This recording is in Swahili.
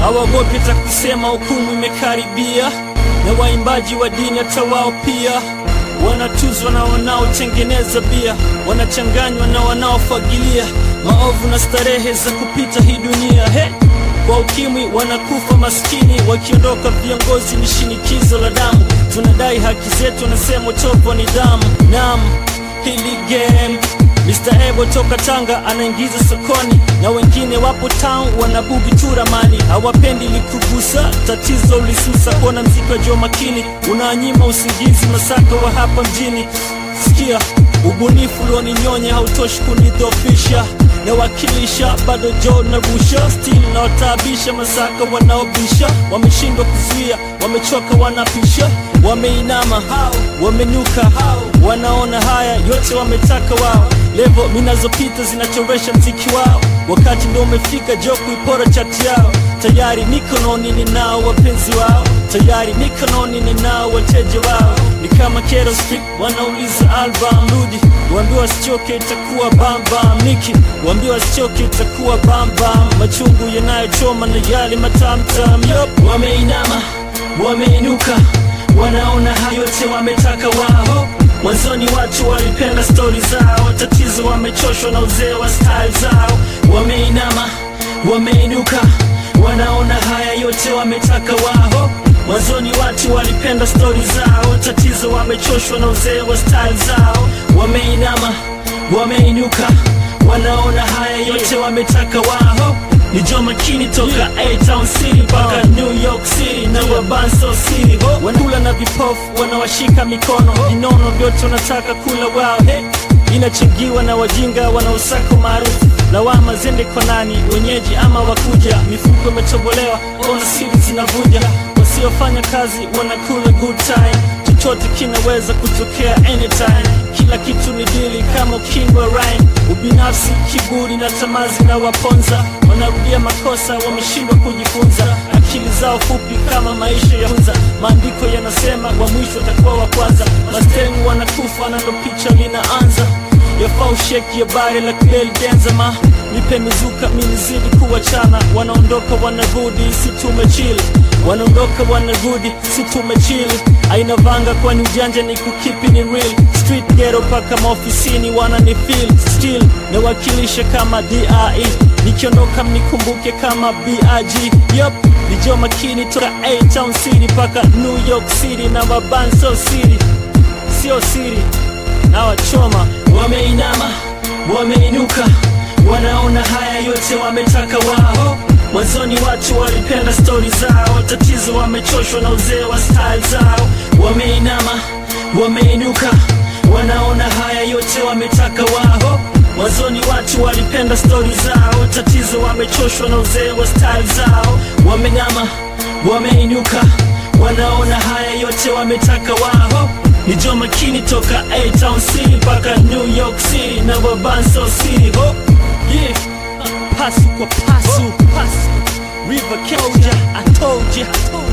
hawagopi hata kusema hukumu imekaribia, na waimbaji wa dini hata wao pia wanatuzwa na wanaotengeneza bia, wanachanganywa na wanaofagilia maovu na starehe za kupita hii dunia Kwa ukimwi wanakufa maskini, wakiondoka viongozi ni shinikizo la damu. Tunadai haki zetu, nasema topo ni damu nam hili game Mr. Ebo toka Tanga anaingiza sokoni, na wengine wapo town wanabugi tu ramani, hawapendi likugusa tatizo lisusa. Kona mziki wa Jo Makini unaanyima usingizi, masaka wa hapa mjini. Sikia ubunifu ulioninyonya hautoshi kunidhofisha nawakilisha bado jo na rusha na nawataabisha masaka wanaobisha wameshindwa kuzuia wamechoka wanapisha wameinama wamenuka wanaona haya yote wametaka wao levo minazopita zinachoresha mziki wao, wakati ndo umefika jo kuipora chati yao. Tayari mikononi nao wapenzi wao, tayari mikononi nao wateja wao. Ni kama kero strip wanauliza album rudi, waambiwa sichoke itakuwa bambam niki, waambiwa sichoke itakuwa bambam, machungu yanayochoma na yale matamtam. Yop, wameinama wameinuka, wanaona hayote wametaka wao, mwanzoni watu walipenda stori zao matatizo, wamechoshwa na uzee wa style zao. Wameinama, wameinuka, wanaona haya yote wametaka waho wazoni watu walipenda stori zao, tatizo wamechoshwa na uzee wa style zao. Wameinama, wameinuka, wanaona haya yote wametaka waho ni jo makini toka A-Town City mpaka New York City na wabanso City wanakula na vipofu wanawashika mikono vinono vyote wanataka kula wao hey inachingiwa na wajinga wanaosaka maarufu. Lawama zende kwa nani? Wenyeji ama wakuja? Mifuko imetobolewa, ona siri zinavuja. Wasiofanya kazi wanakula good time. Chochote kinaweza kutokea anytime. Kila kitu ni dili kama ukingwa rhyme. Ubinafsi, kiburi na tamazi na waponza wanarudia makosa, wameshindwa kujifunza. Akili zao fupi kama maisha ya unza Maandiko yanasema wa mwisho atakuwa wa kwanza. mastengu wanakufa nalo picha linaanza. Fau shake your la like Lil Benzema Nipe mizuka minizidi kuwachana Wanaondoka wanarudi si tumechill Wanaondoka wanarudi si tumechill Aina vanga kwani ujanja ni kukipi ni real Street ghetto paka maofisini wana ni feel Still nawakilisha kama DRE Nikiondoka mnikumbuke kama BRG Yup, nijo makini toka A-Town City Paka New York City na mabanso City Sio siri na wachoma wameinama, wameinuka, wanaona haya yote wametaka wao. Mwanzoni watu walipenda stori zao, tatizo wamechoshwa na uzee wa style zao. Wameinama, wameinuka, wanaona haya yote wametaka wao. Mwanzoni watu walipenda stori zao, tatizo wamechoshwa na uzee wa style zao. Wameng'ama, wameinuka, wanaona haya yote wametaka wao ni Joe Makini toka A-Town C mpaka New York City. C na so C oh, yeah. Uh, pasu kwa pasu, oh, pasu. River Kelja, I told ya, I told ya.